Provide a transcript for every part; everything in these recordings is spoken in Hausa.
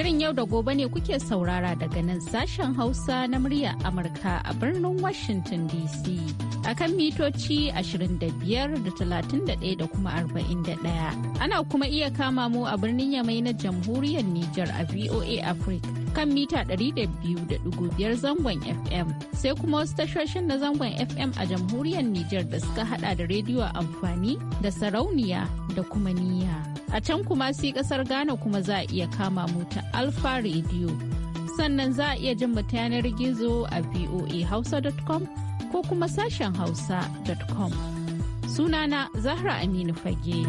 Shirin yau da gobe ne kuke saurara daga nan sashen Hausa na murya Amurka a birnin Washington DC. Akan mitoci 25 da 31 da kuma 41. Ana kuma iya kama mu a birnin Yamai na Jamhuriyar Nijar a VOA Africa. kan mita 200.5 zangon FM sai kuma wasu tashoshin na zangon FM a jamhuriyar Nijar da suka hada da rediyo amfani da sarauniya da kuma niyya. A can kuma si kasar Ghana kuma za a iya kama mota ta Alfa Radio. Sannan za a iya jin mu ta yanar gizo a voahausa.com ko kuma sashen hausa.com. Sunana Zahra Aminu Fage.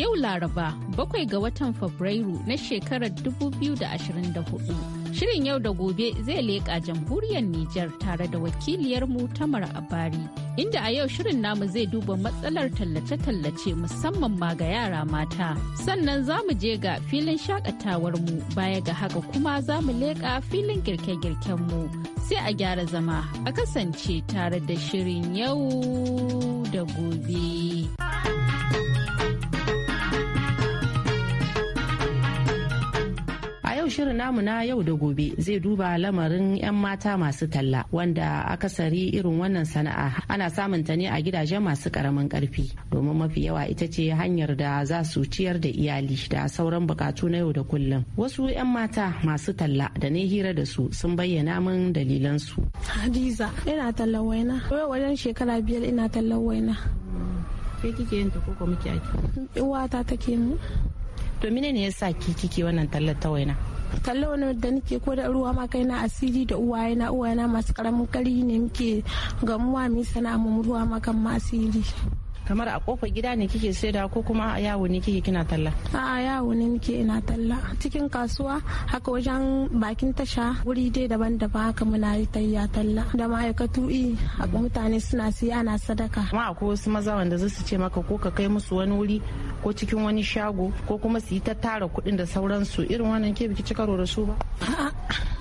yau Laraba bakwai ga watan Fabrairu na shekarar 2024. Shirin yau da gobe zai leƙa jamhuriyar Nijar tare da wakiliyar wakiliyarmu Tamar Abari, inda a yau shirin namu zai duba matsalar tallace-tallace musamman ma ga yara mata. Sannan za mu je ga filin shakatawarmu baya ga haka kuma za mu leƙa filin girke-girkenmu. Sai a gyara zama a kasance tare da shirin yau da gobe. yau shirin namu na yau da gobe zai duba lamarin 'yan mata masu talla wanda akasari irin wannan sana'a ana samun ta ne a gidaje masu karamin karfi domin mafi yawa ita ce hanyar da za su ciyar da iyali da sauran bukatu na yau da kullum wasu 'yan mata masu talla da na hira da su sun bayyana min dalilansu. hadiza ina talla waina wajen shekara biyar ina talla waina ke kike yin ta koko muke ake ta take mu to mine ne yasa ki kike wannan tallar ta waina talla wani da nake ko da ruwa ma kaina asiri da uwayena uwayena masu karamin kari ne muke gamuwa mu sana'a mu ruwa ma kan ma asiri kamar a kofar gida ne kike saida ko kuma a yawo ne kike kina talla a yawo ne nike ina talla cikin kasuwa haka wajen bakin tasha wuri dai daban-daban haka muna yi tayya talla da ma'aikatu i haka mutane suna siya ana sadaka kuma akwai wasu maza wanda za su ce maka ko ka kai musu wani wuri ko cikin wani shago ko kuma su yi ta tara kuɗin da sauransu irin wannan ke biki ci da su ba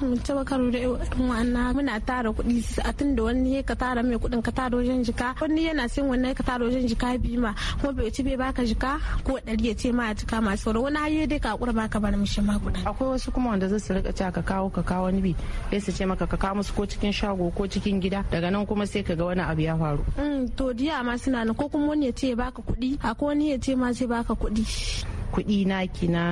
mun ci karu da wa'anna muna tara kuɗi a tun da wani ya ka tara mai kuɗin ka tara wajen jika wani yana sin wannan ka tara wajen jika biyu ma kuma bai ci bai baka jika ko ɗari ya ce ma a jika masu sauran wani hayo dai ka hakura baka bar mishi ma kuɗin. akwai wasu kuma wanda zai su rika cewa ka kawo ka kawo wani bi sai su ce maka ka kawo musu ko cikin shago ko cikin gida daga nan kuma sai ka ga wani abu ya faru. Mm, to diya ma suna ko kuma wani ya ce ya baka kuɗi akwai wani ya ce ma zai baka kuɗi kuɗi naki na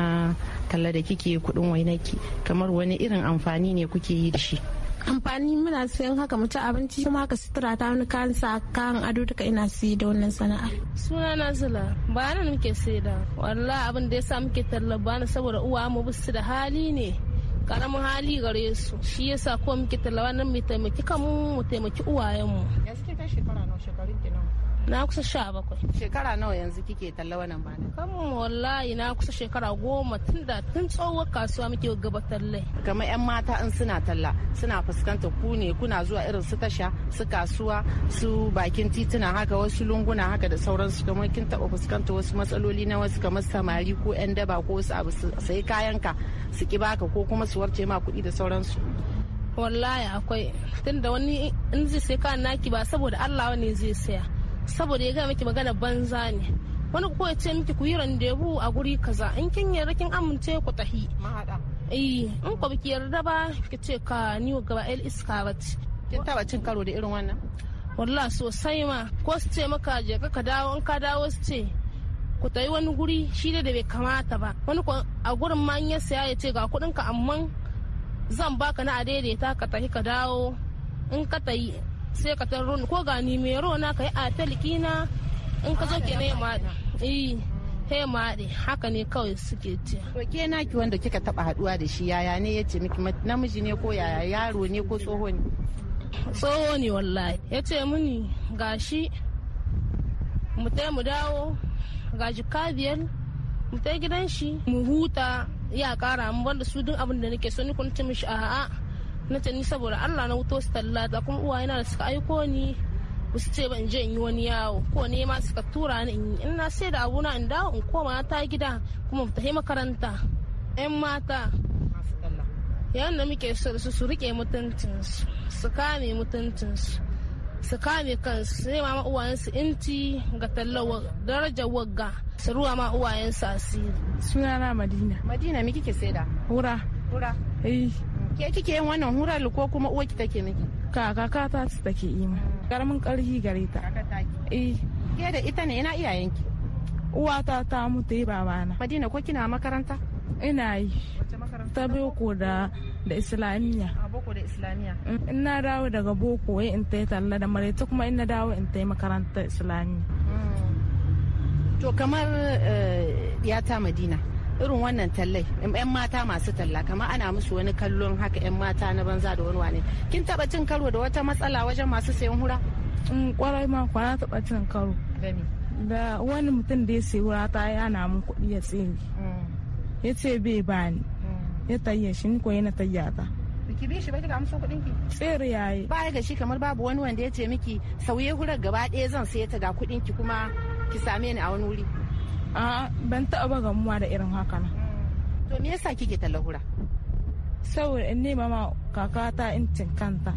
talla da kike kuɗin wainaki kamar wani irin amfani ne kuke yi da shi amfani muna sayan haka mutu abinci kuma haka sutura ta wani kan sa kayan ado duka ina siye da wannan sana'a suna na zula ba na muke sai da wala abin da ya sa muke ba na saboda uwa mu bisu da hali ne karamin hali gare su shi yasa ko muke tallaba nan mu taimaki kanmu mu taimaki uwayenmu yanzu shekara na shekarun na kusa sha bakwai shekara nawa yanzu kike talla wannan ba Kamun wallahi na kusa shekara goma tun da tun tsohuwar kasuwa muke gabatar lai kamar yan mata in suna talla suna fuskantar ku ne kuna zuwa irin su tasha su kasuwa su bakin tituna haka wasu lunguna haka da sauransu kamar kin taba fuskantar wasu matsaloli na wasu kamar samari ko yan daba ko wasu abu sai ka su ki baka ko kuma su warce ma kuɗi da sauransu wallahi akwai tunda wani in zai sai kayan naki ba saboda Allah wani zai saya saboda ya gaya miki magana banza ne wani ko ya ce miki ku yi randevu a guri kaza in kin yarda kin amince ku tahi eh in ko biki yarda ba ki ce ka ni gaba el iska kin taba cin karo da irin wannan wallah sosai ma ko su ce maka je ka dawo in ka dawo su ce ku tayi wani guri shi da bai kamata ba wani ko a gurin ma ya saya ya ce ga kudin ka amma zan baka na a daidaita ka tahi ka dawo in ka tayi sai ka tarro ko gani mai rona ka yi a na in ka zo ke ne ma eh, he de haka ne kawai suke ce. To ke naki wanda kika taba haduwa da shi yaya ne ya miki namiji ne ko yaya yaro ne ko tsoho ne? Tsoho ne wallahi yace muni gashi mu tai mu dawo gaji kabiyar mu tai gidan shi mu huta ya kara mu wanda su duk abin da nake so ni kun ci mishi a'a. na ce ni saboda Allah na wuto su tallata kuma uwaye na da suka aiko ni su ce ban je in yi wani yawo ko ne ma suka tura ni in yi in na sai da abuna in dawo in koma ta gida kuma ta yi makaranta yan mata yadda muke so su su rike mutuncinsu su kame mutuncinsu su kame kansu su nema ma uwayensu inti ga tallawa darajar wagga su ruwa ma uwayensu asiri sunana madina madina me kike saida hura hura eh Ke kike yin wannan hura ko kuma uwa ki take miki? Kaka ka ta su take yi ma. Karamin karhi gare ta. Eh. Ke da ita ne ina iyayenki. Uwata ta mutu eh, babana. Madina ko kina makaranta? Ina yi. Ta boko da da islamiyya. A boko da islamiyya. In na dawo daga boko wai in ta talla da ta kuma in na dawo in ta makaranta islamiyya. Mm. To kamar eh, ya ta Madina. irin wannan tallai yan mata masu talla kamar ana musu wani kallon haka yan mata na banza da wani wane kin taba cin karo da wata matsala wajen masu sayan hura kwarai mm, ma kwana taba cin karo da wani mutum da ya sayi hura ta yana mun kuɗi ya tsere mm. ya ce bai ba ni mm. ya tayya shi ni ko yana tayya ta ki bi shi ba kika amsa kuɗin ki tsere yayi baya ga shi kamar babu wani wanda ya ce miki sauye hurar gaba ɗaya zan sai ta ga kuɗin ki kuma ki same ni a wani wuri A'a ban taɓa ba gamuwa da irin haka na. To me yasa kike talahura? Saboda in nema ma kaka kakata incin kanta.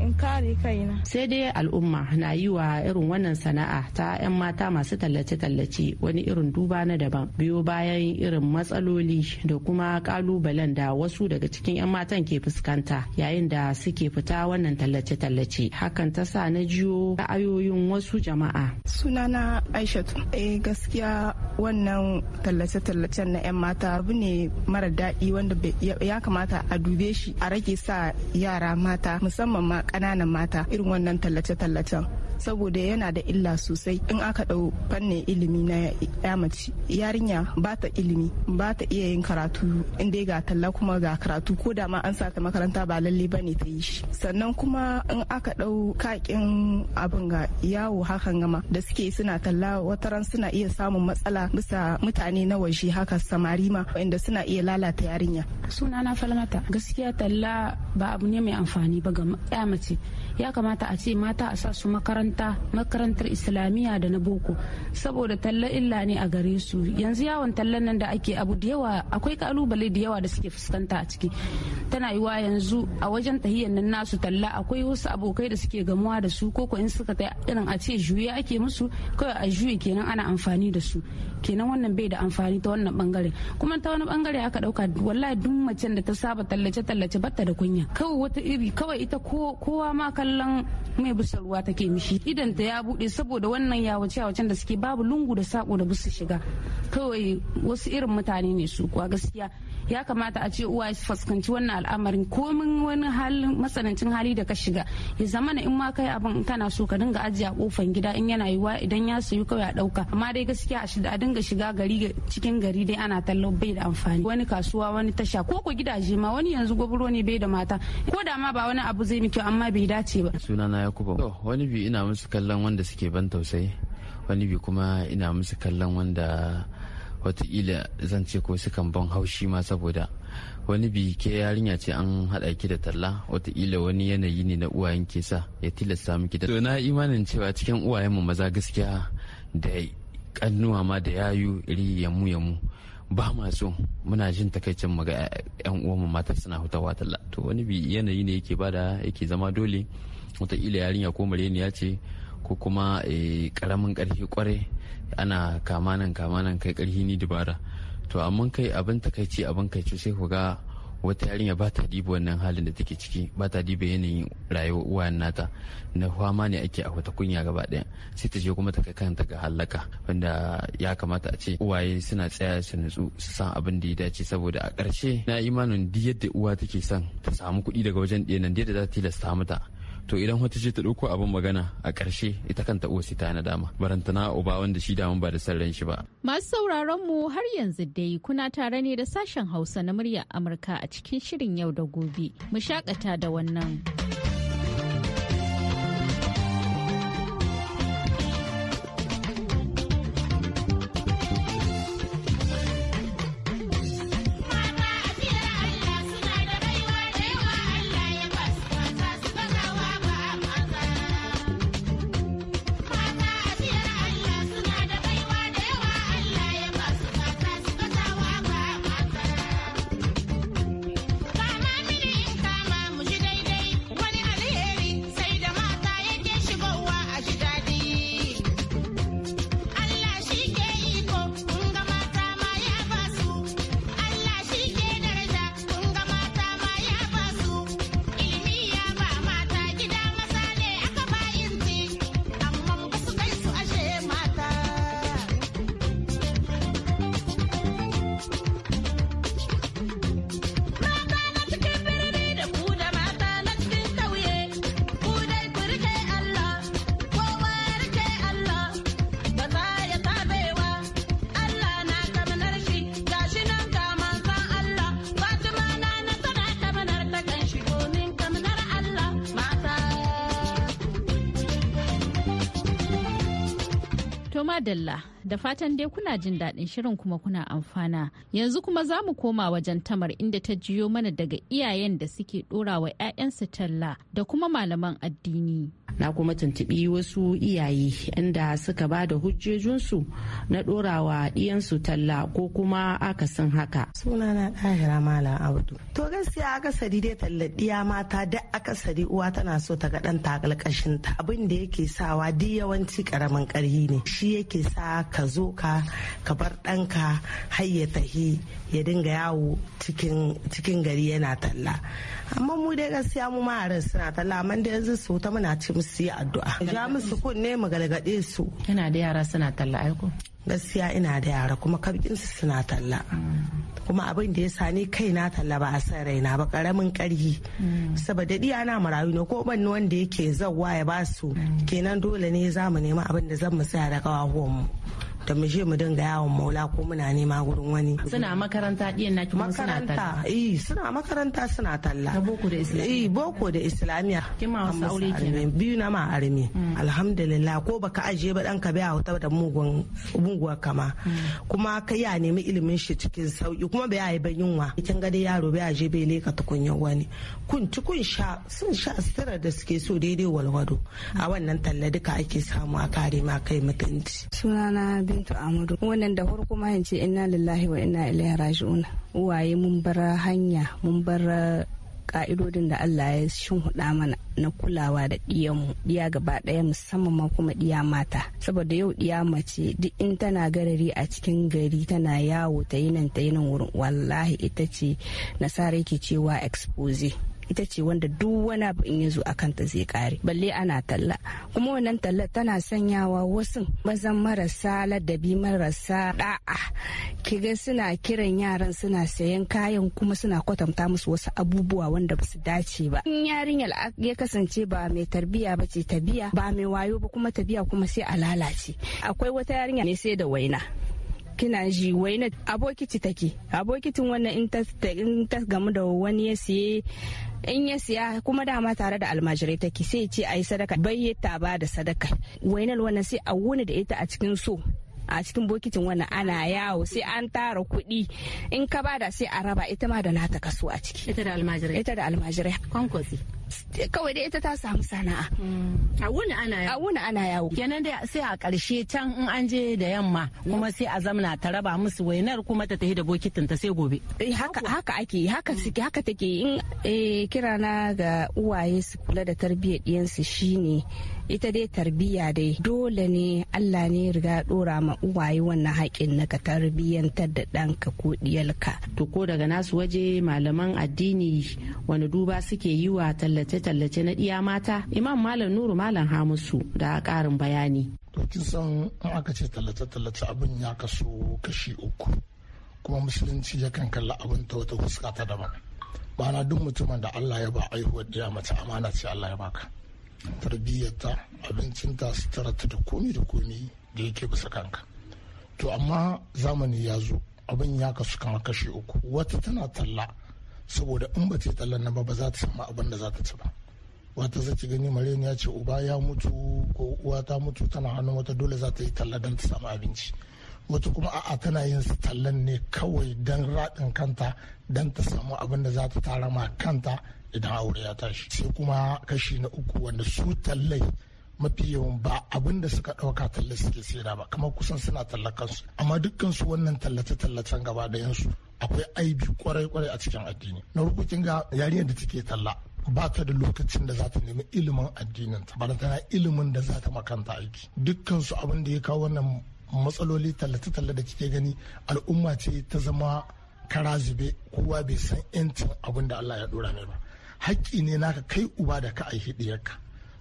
in kare kaina. Sai dai al'umma na yi wa irin wannan sana'a ta 'yan mata masu tallace-tallace wani irin duba na daban biyo bayan irin matsaloli da kuma kalubalen da wasu daga cikin 'yan matan ke fuskanta yayin da suke fita wannan tallace-tallace hakan ta sa na jiyo ra'ayoyin wasu jama'a. Sunana Aishatu. Eh gaskiya wannan tallace-tallacen na 'yan mata abu ne mara daɗi wanda ya kamata a dube shi a rage sa yara mata musamman ma kananan mata irin wannan tallace-tallacen saboda yana da illa sosai in aka ɗau fannin ilimi na ya mace yarinya ba ta ilimi ba ta iya yin karatu in dai ga talla kuma ga karatu ko da ma an sa ta makaranta ba lalle ba ne ta yi shi sannan kuma in aka ɗau kakin abin ga yawo hakan gama da suke suna talla wataran suna iya samun matsala bisa mutane na waje haka samari ma wanda suna iya lalata yarinya sunana falmata gaskiya talla ba abu ne mai amfani ba ga asibiti ya kamata a ce mata a sa su makaranta makarantar islamiyya da na boko saboda talla illa ne a gare su yanzu yawon tallan nan da ake abu da yawa akwai kalubale da yawa da suke fuskanta a ciki tana yiwa yanzu a wajen tahiyyar nan nasu talla akwai wasu abokai da suke gamuwa da su ko in suka ta irin a ce juye ake musu kawai a juye kenan ana amfani da su kenan wannan bai da amfani ta wannan bangare kuma ta wani bangare aka dauka wallahi duk macen da ta saba tallace tallace batta da kunya kawai wata iri kawai ita kowa ma kallon mai bisa ruwa take mishi idan ta ya bude saboda wannan yawace yawacen da suke babu lungu da sako da bisa shiga kawai wasu irin mutane ne su kuwa gaskiya ya kamata a ce uwa su fuskanci wannan al'amarin komin wani halin matsanancin hali da ka shiga ya zama na in ma kai abin kana so ka dinga ajiye a kofan gida in yana yiwuwa idan ya sayu kawai a ɗauka amma dai gaskiya a dinga shiga gari cikin gari dai ana tallo bai da amfani wani kasuwa wani tasha ko ko gidaje ma wani yanzu gwabro ne bai da mata ko da ma ba wani abu zai kyau amma bai dace ba sunana ya to wani bi ina musu kallon wanda suke ban tausayi wani bi kuma ina musu kallon wanda watakila zan ce ko sukan ban haushi ma saboda wani bike yarinya ce an haɗa ki da talla watakila wani yanayi ne na uwayen ke sa ya tilasta miki to na imanin cewa cikin uwayen mu maza gaskiya da kannuwa ma da yayu iri yamu yamu ba ma so muna jin takaicin mu ga yan mu mata suna hutawa talla to wani bi yanayi ne yake bada yake zama dole watakila yarinya ko mareniya ce ko kuma karamin eh, karfi kwarai ana kamanan kamanan kai karhi ni dubara to amma kai abin takaici abin kai sai ku ga wata yarinya ba ta dibi wannan halin da take ciki ba ta dibi yanayin rayuwar uwayen nata na fama ne ake a wata kunya gaba ɗaya sai ta je kuma ta kai kanta ga halaka wanda ya kamata a ce uwaye suna tsaya su nutsu su san abin da ya dace saboda a ƙarshe na imanin duk yadda uwa take son ta samu kuɗi daga wajen ɗaya nan da za ta tilasta mata to idan wata ce ta ɗauko abin magana a ƙarshe ita kanta uwa sita na dama na uba wanda shi dama ba da ran shi ba masu sauraron mu har yanzu dai kuna tare ne da sashen hausa na muryar amurka a cikin shirin yau da gobe mu shakata da wannan. dalla da fatan dai kuna jin daɗin shirin kuma kuna amfana. Yanzu kuma za mu koma wajen tamar inda ta jiyo mana daga iyayen da suke ɗora wa 'ya'yansu talla da kuma malaman addini. na kuma tuntubi wasu iyaye inda suka ba da hujjojinsu na ɗorawa ɗiyansu talla ko kuma akasin haka sunana ɗahira mala abdu to gaskiya akasari dai talla ɗiya mata da akasari uwa tana so ta ga ɗanta ɗan ta abin da yake sawa duk yawanci karamin ƙarhi ne shi yake sa ka zo ka ka bar ɗanka har ya tahi ya dinga yawo cikin gari yana talla amma mu dai gaskiya mu ma yaran suna ta laman da yanzu su ta muna ci musu yi addu'a ja musu kunne mu galgade su yana da yara suna talla aiko gaskiya ina da yara kuma su suna talla kuma abin da ya sa ni kaina talla ba a san raina ba karamin karhi saboda diya na marayu ne ko ban wanda yake zawwa ya basu kenan dole ne za mu nemi abin da zan mu saya da kawahuwan mu da mu je mu dinga yawon maula ko muna nema gurin wani suna makaranta ɗiyan na kuma suna talla eh suna makaranta suna talla ta boko da islamiyya eh boko da islamiyya kima wasu aure kenan biyu na ma arme mm. alhamdulillah ko baka aje ba dan ka baya wata da mugun muguwa kama mm. kuma ka ya nemi ilimin shi cikin sauki kuma bai yi ban yunwa kin ga dai yaro bai aje bai leka tukunyar wani kun ci kun sha sun sha sitira da suke so daidai walwado a wannan talla duka ake samu a kare ma kai mutunci sunana bintu amadu wannan da farko ma in ce inna lillahi wa inna ilaihi raji'un uwaye mun bar hanya mun bar ka'idodin da Allah ya shinhuda mana na kulawa da ɗiyanmu ɗiya gaba ɗaya musamman ma kuma ɗiya mata saboda yau ɗiya mace duk in tana garari a cikin gari tana yawo ta yi nan ta yi nan wurin wallahi ita ce nasara ke cewa expose ita ce wanda duk wani abu in ya a kanta zai kare balle ana talla kuma wannan talla tana sanyawa wasu mazan marasa ladabi marasa da'a kiga suna kiran yaran suna sayan kayan kuma suna kwatanta musu wasu abubuwa wanda ba su dace ba in yarinyar ya kasance ba mai tarbiya ba ce tabiya ba mai wayo ba kuma tabiya kuma sai a lalace akwai wata yarinya ne sai da waina kina ji waina abokici take abokitin wannan in ta gamu da wani ya siye in ya siya kuma dama tare da almajirai take sai ce a yi sadaka bayyata ba da sadaka wainal wannan sai a wuni da ita a cikin so a cikin bokitin wannan ana yawo sai an tara kuɗi in ka bada sai a raba ita ma da nata kaso a ciki ita da almajirai ita da almajirai kwankwasi kawai da ita ta samu sana'a hmm. a wuni ana yawo a wuni ana yawo kenan dai sai a ƙarshe can in an je da yamma kuma hmm. sai a zamna ta raba musu wainar kuma ta tafi da bokitin ta sai gobe eh, haka ake haka suke haka take in eh, kira na ga uwaye su kula da tarbiyyar ɗiyansu shine ita dai tarbiyya dai dole ne Allah ne riga dora ma uwaye wannan haƙin na ka tarbiyyantar da ɗanka ko ɗiyalka. To ko daga nasu waje malaman addini wani duba suke yi wa tallace-tallace na ɗiya mata imam malam nuru malam hamisu da ƙarin bayani to kin san in aka ce tallace-tallace abin ya kaso kashi uku kuma musulunci yakan kalla abin ta wata fuska ta daban bana duk mutumin da Allah ya ba aihuwar ɗiya mace amana ce Allah ya baka tarbiyyarta abincinta ta da komi da komi da yake bisa kanka to amma zamani ya zo abin ya kasu kama kashi uku wata tana talla saboda in ba ta tallan nan ba za ta samu abin da za ta ci ba wata zaki gani mareni ya ce uba ya mutu ko uwa ta mutu tana hannun wata dole za ta yi talla don ta samu abinci wata kuma a'a tana yin su tallan ne kawai don raɗin kanta don ta samu abin da za ta tara ma kanta idan aure ya tashi sai kuma kashi na uku wanda su tallai mafi yawan ba abin da suka ɗauka talle suke tsira ba kamar kusan suna tallakansu amma dukkan su wannan tallace-tallacen gaba da yansu akwai aibi kwarai-kwarai a cikin addini na rukukin ga yariyar da take talla ba ta da lokacin da za ta nemi ilimin addininta ba tana ilimin da za ta makanta aiki dukkan su abin da ya kawo wannan matsaloli tallata talla da kike gani al'umma ce ta zama kara zube kowa bai san 'yancin abin da Allah ya dora mai ba haƙƙi ne naka kai uba da ka aihi ɗiyarka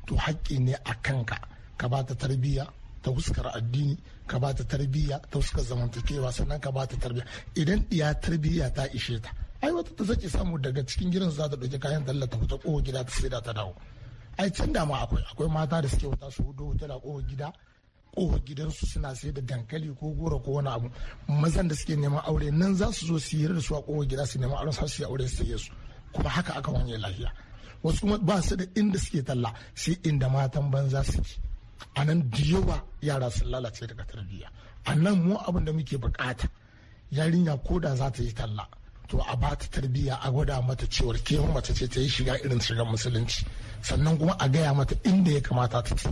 to haƙƙi ne a kanka ka ba ta tarbiyya ta fuskar addini ka bata tarbiyya ta fuskar zamantakewa sannan ka bata tarbiyya idan ya tarbiyya ta ishe ta ai wata ta sake samu daga cikin gidan za ta ɗauki kayan tallata ta kowa gida ta sai ta dawo ai can dama ma akwai akwai mata da suke wata su hudu wata a ko gida gidan gidansu suna sai da dankali ko goro ko wani abu mazan da suke neman aure nan za su zo su yi da su a kofar gida su neman aure su yi aure su saye su kuma haka aka wanye lafiya wasu kuma ba su da inda suke talla sai inda matan banza suke a nan da yara sun lalace daga tarbiyya a nan mu abin da muke bukata yarinya ko da za ta yi talla to a ba ta tarbiyya a gwada mata cewar ke mace ce ta yi shiga irin shigar musulunci sannan kuma a gaya mata inda ya kamata ta ci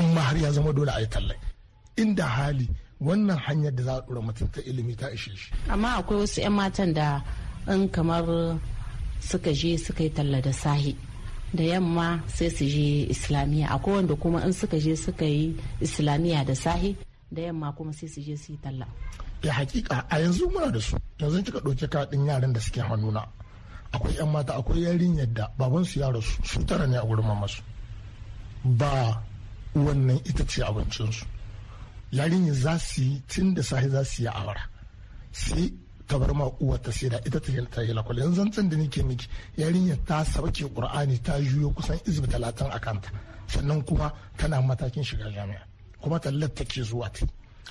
in ma har ya zama dole a yi tallai inda hali wannan hanyar da za a dora mutum ta ilimi ta ishe shi amma akwai wasu 'yan matan da in kamar suka je suka yi talla da sahi da yamma sai su je islamiyya akwai wanda kuma in suka je suka yi islamiyya da sahi da yamma kuma sai su je su yi talla ya eh, hakika a yanzu muna da su yanzu kika ɗauki kaɗin yaran da suke hannuna akwai yan mata akwai yarinyar da baban su yaro su tara ne a gurin mamasu ba wannan ita ce abincinsu yarinya za su yi tun da sahi za su yi a awara sai ta bar ma uwar ta sai da ita ta ta yi lakwal yanzu zancen da nake miki yarinyar ta sauke qur'ani ta juyo kusan izbi talatin a kanta sannan kuma tana matakin shiga jami'a kuma tallar take zuwa ta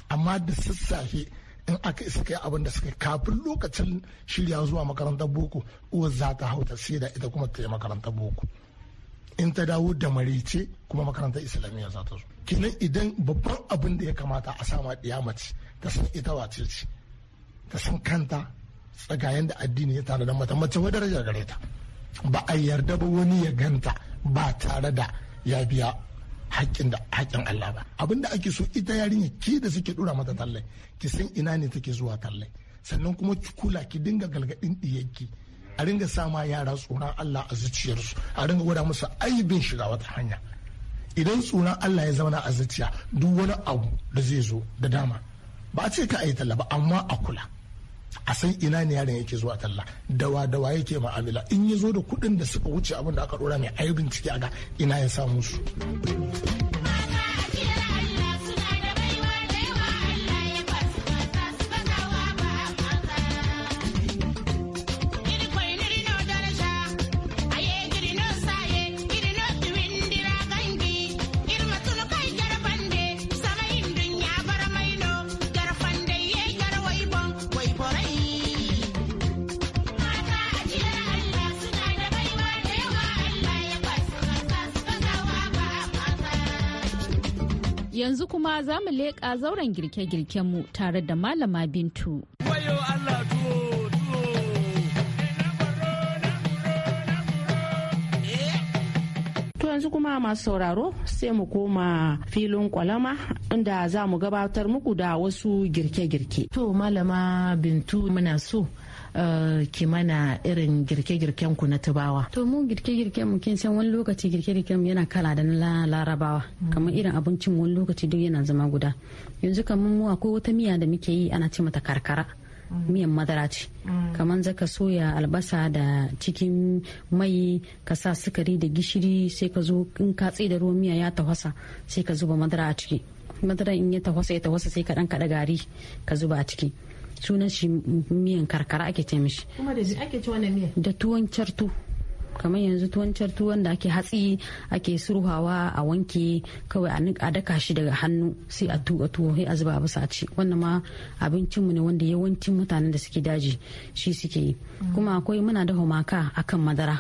amma da sassafe in aka isa yi abin da suka kafin lokacin shirya zuwa makarantar boko uwar za ta hauta sai da ita kuma ta yi makarantar boko in ta dawo da marice kuma makarantar islamiyya za ta zo kenan idan babban abin da ya kamata a sama ɗiya mace ta san ita wace ce ta san kanta tsagayen da addini ya tare da mata mace wa daraja gare ta ba a yarda ba wani ya ganta ba tare da ya biya haƙƙin da haƙƙin Allah ba abin da ake so ita yarinya ke da suke dura mata talle ki san ina ne take zuwa talle sannan kuma ki kula ki dinga galgadin diyarki a ringa sama yara tsoron Allah a zuciyarsu a ringa gwada musu aibin shiga wata hanya idan tsoron Allah ya zauna a zuciya duk wani abu da zai zo da dama ba ce ka yi talla ba amma a kula a san ina ne yaron yake zuwa talla dawa dawa yake ma'amila in ya zo da kuɗin da suka wuce abin da aka ɗora mai ayi bincike a ga ina ya samu su. Yanzu kuma za mu leƙa zauren girke-girkenmu tare da Malama Bintu. yanzu kuma masu sauraro sai mu koma filin kwalama inda za mu gabatar muku da wasu girke-girke. To Malama Bintu muna so Eh, ki mana irin girke-girken ku na tubawa to mu girke-girken mu kin san wani lokaci girke-girken mu yana kala da na larabawa kamar mm. irin abincin wani lokaci duk yana zama guda yanzu kamar mu akwai wata miya da muke yi ana ce mata karkara mm. miyan madara ce mm. kamar zaka soya albasa da cikin mai ka sa sukari da gishiri sai ka zo in ka da ruwan miya ya tafasa sai ka zuba madara a ciki madara in ya tafasa ya tafasa sai ka dan kada gari ka zuba a ciki sunan shi miyan karkara ake ce mishi kuma da ake ci wannan miyan da tuwon cartu kamar yanzu tuwon cartu wanda ake hatsi ake surhawa a wanke kawai a daka shi daga hannu sai a tuka tuwo sai a zuba bisa a ci wannan ma abincinmu ne wanda yawancin mutanen da suke daji shi suke yi mm. kuma akwai muna da maka akan madara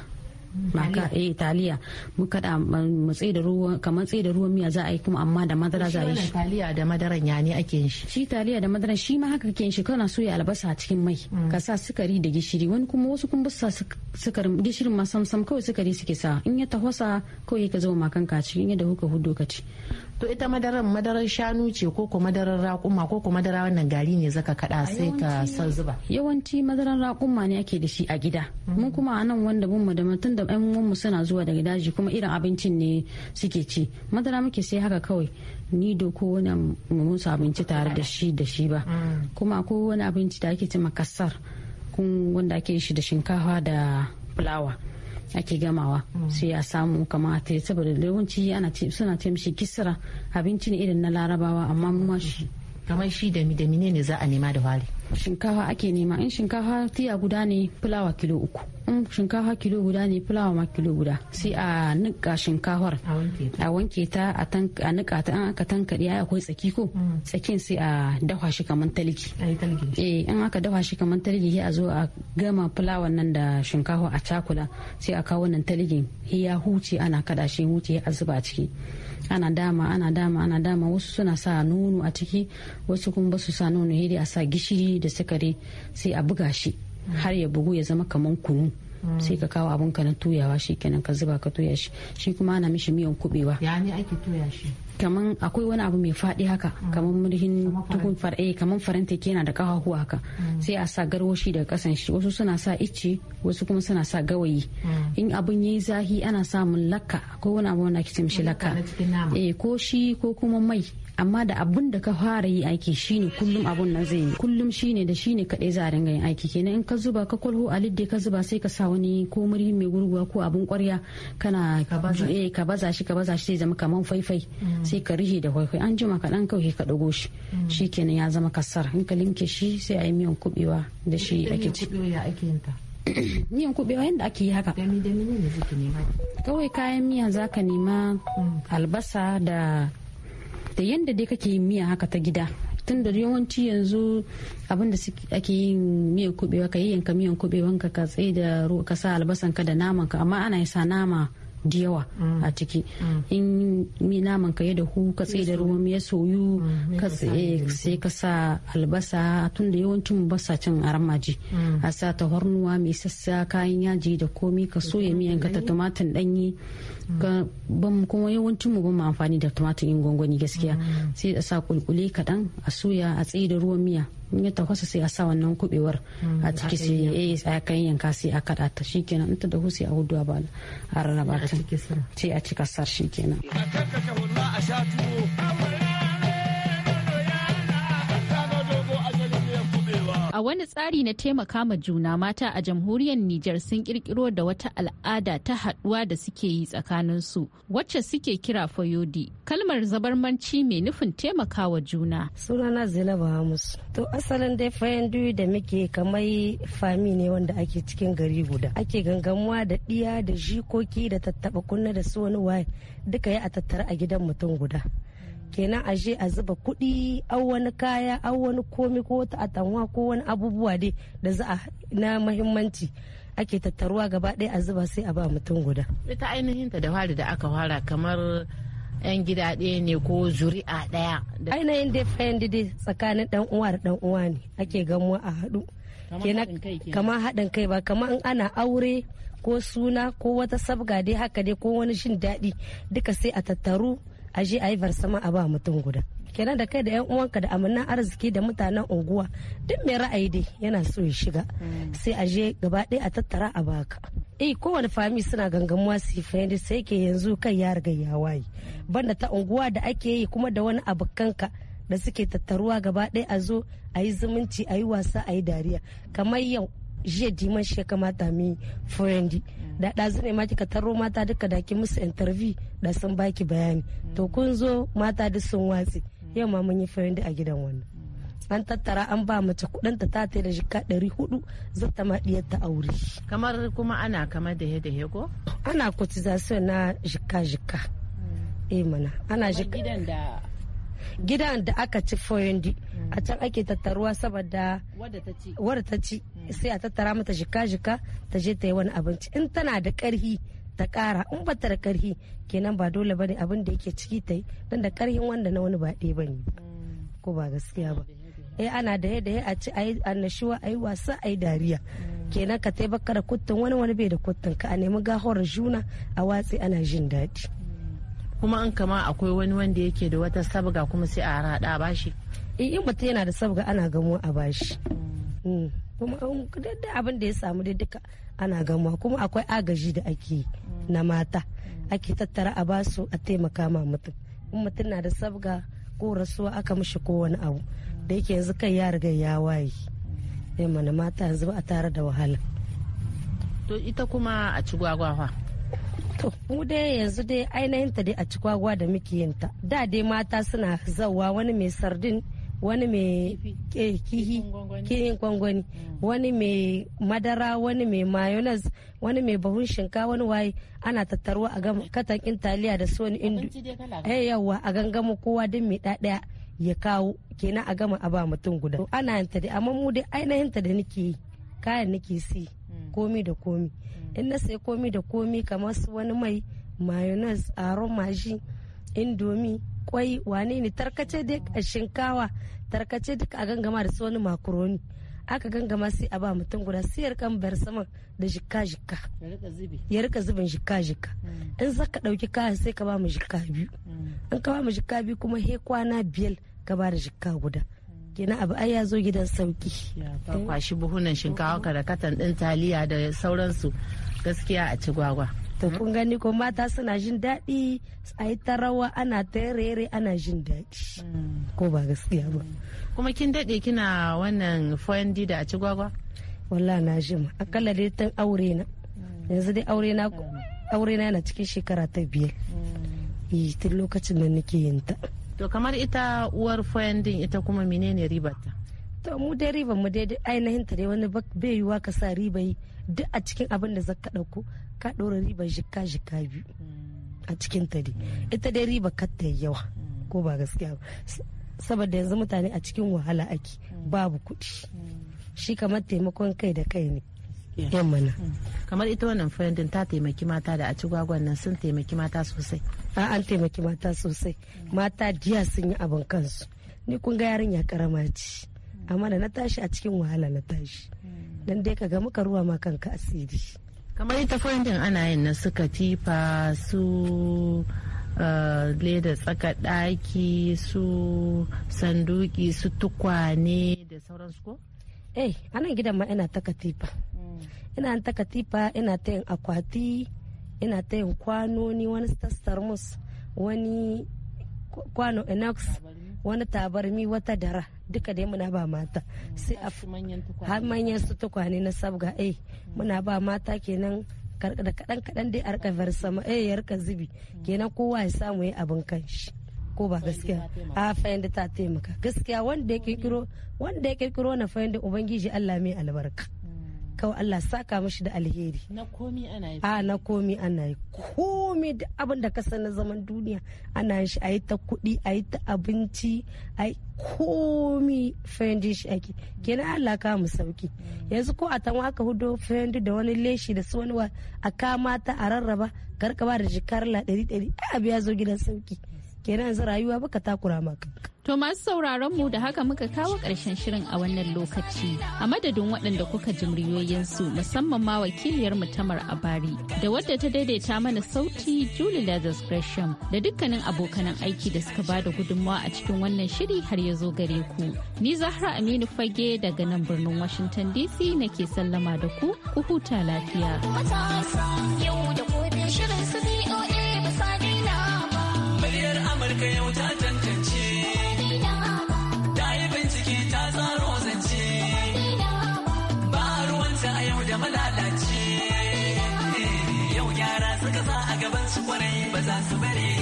italiya eh, taliya mun kada matse da ruwa kamar tsaye da ruwan miya za a yi kuma amma da madara za a yi shi taliya da madara ya ne ake yin shi shi taliya da madara shi ma haka kake yin shi kana soya albasa a cikin mai mm. ka sa sukari da gishiri wani kuma wasu kuma sa sukarin gishirin ma sam sam kawai sukari suke sa in ya tahwasa kawai ka zama makan ka cikin yadda kuka hudu ka ci to ita madaran madarar shanu ce ko ko madaran raƙuma ko ko madara wannan gari ne zaka kada sai ka san zuba yawanci madaran raƙuma ne ake da shi a gida hmm. mun kuma a nan wanda mun da tun da ɗan mu suna zuwa daga daji kuma irin abincin ne suke ci madara muke sai haka kawai ni da ko wani musu abinci tare da shi da shi ba hmm. kuma ko wani abinci da ake ci makasar kun wanda ake shi da shinkafa da fulawa ake gamawa sai ya samu kamata saboda yawanci ana suna ce mishi kisra abinci ne irin na larabawa amma mu shi kamar shi da ne za a nema da wari shinkafa ake nema in shinkafa tiya guda ne fulawa kilo uku in shinkafa kilo guda ne fulawa ma kilo guda sai a nika shinkafar a wanke ta a nika ta an aka tankaɗe ya akwai tsaki ko mm. tsakin sai a dafa shi kamar talgi eh in aka dafa shi kamar talgi sai a zo a gama fulawan nan da shinkafa a cakula sai a kawo nan taligin ya huce ana kada shi huce a zuba ciki ana dama ana dama ana dama wasu suna sa nono a ciki wasu kuma basu sa nono dai a sa gishiri da sukari sai a buga shi har ya bugu ya zama kaman kunu sai ka kawo abinka na tuyawa shi kenan ka zuba ka tuya shi shi kuma ana mishi miyan kubewa ya ne ake tuya shi kaman akwai wani abu mai faɗi haka mm. kaman murhin tukun far'e eh, kaman faranta yana da kahahu haka mm. sai a sa garwashi daga kasan shi wasu suna sa icce wasu kuma suna sa gawayi mm. in abun yayi zahi ana samun lakka akwai wani abu wanda ake shi lakka eh ko shi ko kuma mai amma da abun da ka fara yi aiki shine kullum abun nan zai yi kullum shine da shine kadai za a dinga yin aiki kenan in ka zuba ka kwalho a lidde ka zuba sai ka sa wani ko murhi mai gurguwa ko abun kwarya kana eh, ka baza shi ka baza shi zai zama kaman faifai sai ka rihe da kwaikwai an jima kaɗan kawai ka dago shi mm. shi kenan ya zama kasar in ka linke shi sai a yi miyan kuɓewa da shi ake ci miyan kuɓewa yadda ake yi haka kawai kayan miya za ka nema mm. albasa da yadda dai kake yin miya haka ta gida tun da yawanci yanzu abinda ake yin miyan kuɓewa ka yi yanka miyan kuɓewan ka ka tsaye da ruwa ka sa albasan ka da naman ka amma ana sa nama da yawa a ciki in mi naman ka ya hu ka tsaye da ruwan ya soyu mm-hmm. ka sai mm-hmm. ka sa albasa tun da yawancin basa cin armaji mm-hmm. a sa ta hornuwa mai sassa kayan yaji da komi ka soya miyan ka ta tumatin danyi kuma yawancin mu ba amfani da tumatin in gwangwani gaskiya sai a sa kulkule kaɗan a soya a tsaye da ruwan miya in ya tafasa sai a sa wannan kubewar hmm, a ciki sai a sai kan yanka eh, sai a kada ta kenan in ta dahu sai a hudu ba a rarraba ta sai a cika sar shikenan a A wani tsari na taimaka ma juna mata a jamhuriyar Nijar sun kirkiro da wata al'ada ta haɗuwa da suke yi tsakanin su wacce suke kira fayodi. Kalmar zabarmanci mai nufin taimakawa juna. Sunana Zainaba Hamus. To asalin dai fayandu da muke kamar fami ne wanda ake cikin gari guda. Ake gangamuwa da ɗiya da jikoki da tattaɓa kunna da su wani waye duka ya a tattara a gidan mutum guda. kenan a je a zuba kuɗi au wani kaya au wani komi ko wata atanwa ko wani abubuwa dai da za a na mahimmanci ake tattaruwa gaba ɗaya a zuba sai a ba mutum guda ita ainihin ta da fari da aka fara kamar yan gida ɗaya ne ko zuri'a ɗaya ainihin dai fayan dai tsakanin ɗan uwa da ɗan uwa ne ake gamuwa a haɗu kama haɗin kai ba kama in ana aure ko suna ko wata sabga dai haka dai ko wani shin daɗi duka sai a tattaru a je a yi barsama a ba mutum guda kenan da kai da yan uwanka da amanan arziki da mutanen unguwa duk mai ra'ayi dai yana so ya shiga mm. sai a je gaba ɗaya a tattara a baka eh kowane fami suna gangamuwa su yi sai ke yanzu kai ya riga ya waye banda ta unguwa da ake yi kuma da wani abu kanka da suke tattaruwa gaba ɗaya a zo a yi zumunci a yi wasa a yi dariya kamar yau jiya diman shi ya kamata mu furendi mm. da ɗazu ne ma kika taro mata duka da ki musu interview da sun baki bayani to mm. kun zo mata duk sun watse mm. yau ma mun yi furendi a gidan wannan an tattara an ba mace kudin ta ta da jika ɗari hudu zata ma diyar ta aure kamar kuma ana kamar da ya ko ana su na jika jika eh mana ana jika gidan da gidan da aka ci foyandi a mm. can ake tattaruwa saboda wadda ta ci mm. sai a tattara mata shika-shika ta je ta yi wani abinci in tana da karhi ta kara in ba ta da karhi kenan ba dole bane abin da yake ciki ta yi don da karhin wanda na wani ba ɗaya bane mm. ko ba gaskiya ba eh ana da yadda a ci ayi annashuwa ayi wasa ayi dariya kenan ka taimaka da kuttun wani wani bai da kuttun ka a nemi gahar juna a watsi ana jin daɗi. kuma an kama akwai wani wanda yake da wata sabga kuma sai a rada bashi in mutum yana da sabga ana gamuwa a bashi mm. kuma um, da abin da ya samu da duka ana gamuwa kuma akwai agaji da ake na mata ake tattara a basu a taimaka ma mutum in mutum na da sabga ko rasuwa aka mishi ko wani abu da yake yanzu kai ya riga ya waye na mata yanzu ba a tare da wahala to ita kuma a ci gwagwafa To, mu dai yanzu dai ainihin ta dai a cikwagwa da muke yin ta. Da dai mata suna zawa wani mai sardin wani mai kihi kihin gwangwani mm. wani mai madara wani mai mayonnaise wani mai bahun shinkawa wani waye ana tattaruwa a gama katan taliya da soni indu eh yawa a gangamu kowa din mai ɗaɗaya ya kawo kenan a gama a ba mutum guda ana yanta dai amma mu dai ainihin ta da nake yi kayan nake si komi da komi mm. in na sai komi da komi kamar su wani mai mayonnaise aromaji indomi kwai wane ne tarkace dai shinkawa tarkace duka a gangama da su wani makaroni aka gangama sai a ba mutum guda sai kan rika bar saman da jikka jikka ya rika zubin jikka jikka mm. in za ka ɗauki kaya sai ka ba mu jikka biyu mm. in ka ba mu jikka biyu kuma he kwana biyar ka ba da jikka guda gina abu ai ya zo gidan sauki ya eh. kwashi buhunan shinkawa ka da katan din taliya da sauransu gaskiya a ci gwagwa to kun gani ko mata suna jin daɗi a yi ta rawa ana ta rere ana jin daɗi mm. ko ba gaskiya ba kuma kin daɗe kina wannan fondi da a ci gwagwa wallah na jin akalla dai tun aure na mm. yanzu dai aure na mm. aure na yana cikin shekara ta biyar tun lokacin da nake yin ta to kamar ita uwar din ita kuma menene ribarta to mu dai ribar mu dai ainihin ta dai wani bai yiwuwa ka sa ribai duk a cikin abin da zaka dauko ka dora ribar jika jika biyu a cikin ta dai ita dai riba katta yawa ko ba gaskiya ba saboda yanzu mutane a cikin wahala ake babu kuɗi mm. shi kamar taimakon kai da kai ne yan mana mm. kamar ita wannan fayandin ta taimaki mata da a ci gwagwan nan sun taimaki mata sosai a an taimaki mata sosai mm. mata jiya sun yi abin kansu ni kun ga yarinya karama ce mm. amma da na tashi a cikin wahala na tashi dan dai ka ga muka ruwa ma kanka asiri kamar ita fayandin ana yin na suka tifa su uh, leda tsaka ɗaki su sanduki su tukwane da sauransu ko? eh anan gidan ma ina ta katifa ina ta katifa ina ta yin akwati ina ta yin kwanoni wani mus wani kwano enox wani tabarmi wata dara duka dai muna ba mata mm. sai a har manyan su tukwane na sabga eh muna ba mata kenan da kadan kadan dai arka versama eh ya rika zubi mm. kenan kowa ya samu yi abin kanshi ko ba gaskiya a fayin da ta taimaka gaskiya wanda ya kirkiro wanda ya kirkiro na fayin da ubangiji Allah mai albarka kawai Allah saka mashi da alheri na komi ana yi a na komi ana yi komi da abin da ka na zaman duniya ana shi a yi ta kuɗi a yi ta abinci a yi komi fendi shi ake kenan Allah ka mu sauki yanzu ko a tan aka hudu fendi da wani leshi da su wani a kama ta a rarraba karkaba da jikarla ɗari ɗari ai ya zo gidan sauki kenan yanzu rayuwa baka takura ma kanka To masu sauraron mu da haka muka kawo ƙarshen shirin a wannan lokaci a madadin waɗanda kuka ji muryoyinsu musamman ma wakiliyar mutamar abari da wadda ta daidaita mana sauti Julie Lazarus Gresham da dukkanin abokan aiki da suka bada gudunmawa a cikin wannan shiri har ya zo gare ku. Ni Zahra Aminu Fage daga nan birnin Washington DC nake sallama da ku ku huta lafiya. Amurka yau ta ba za su bare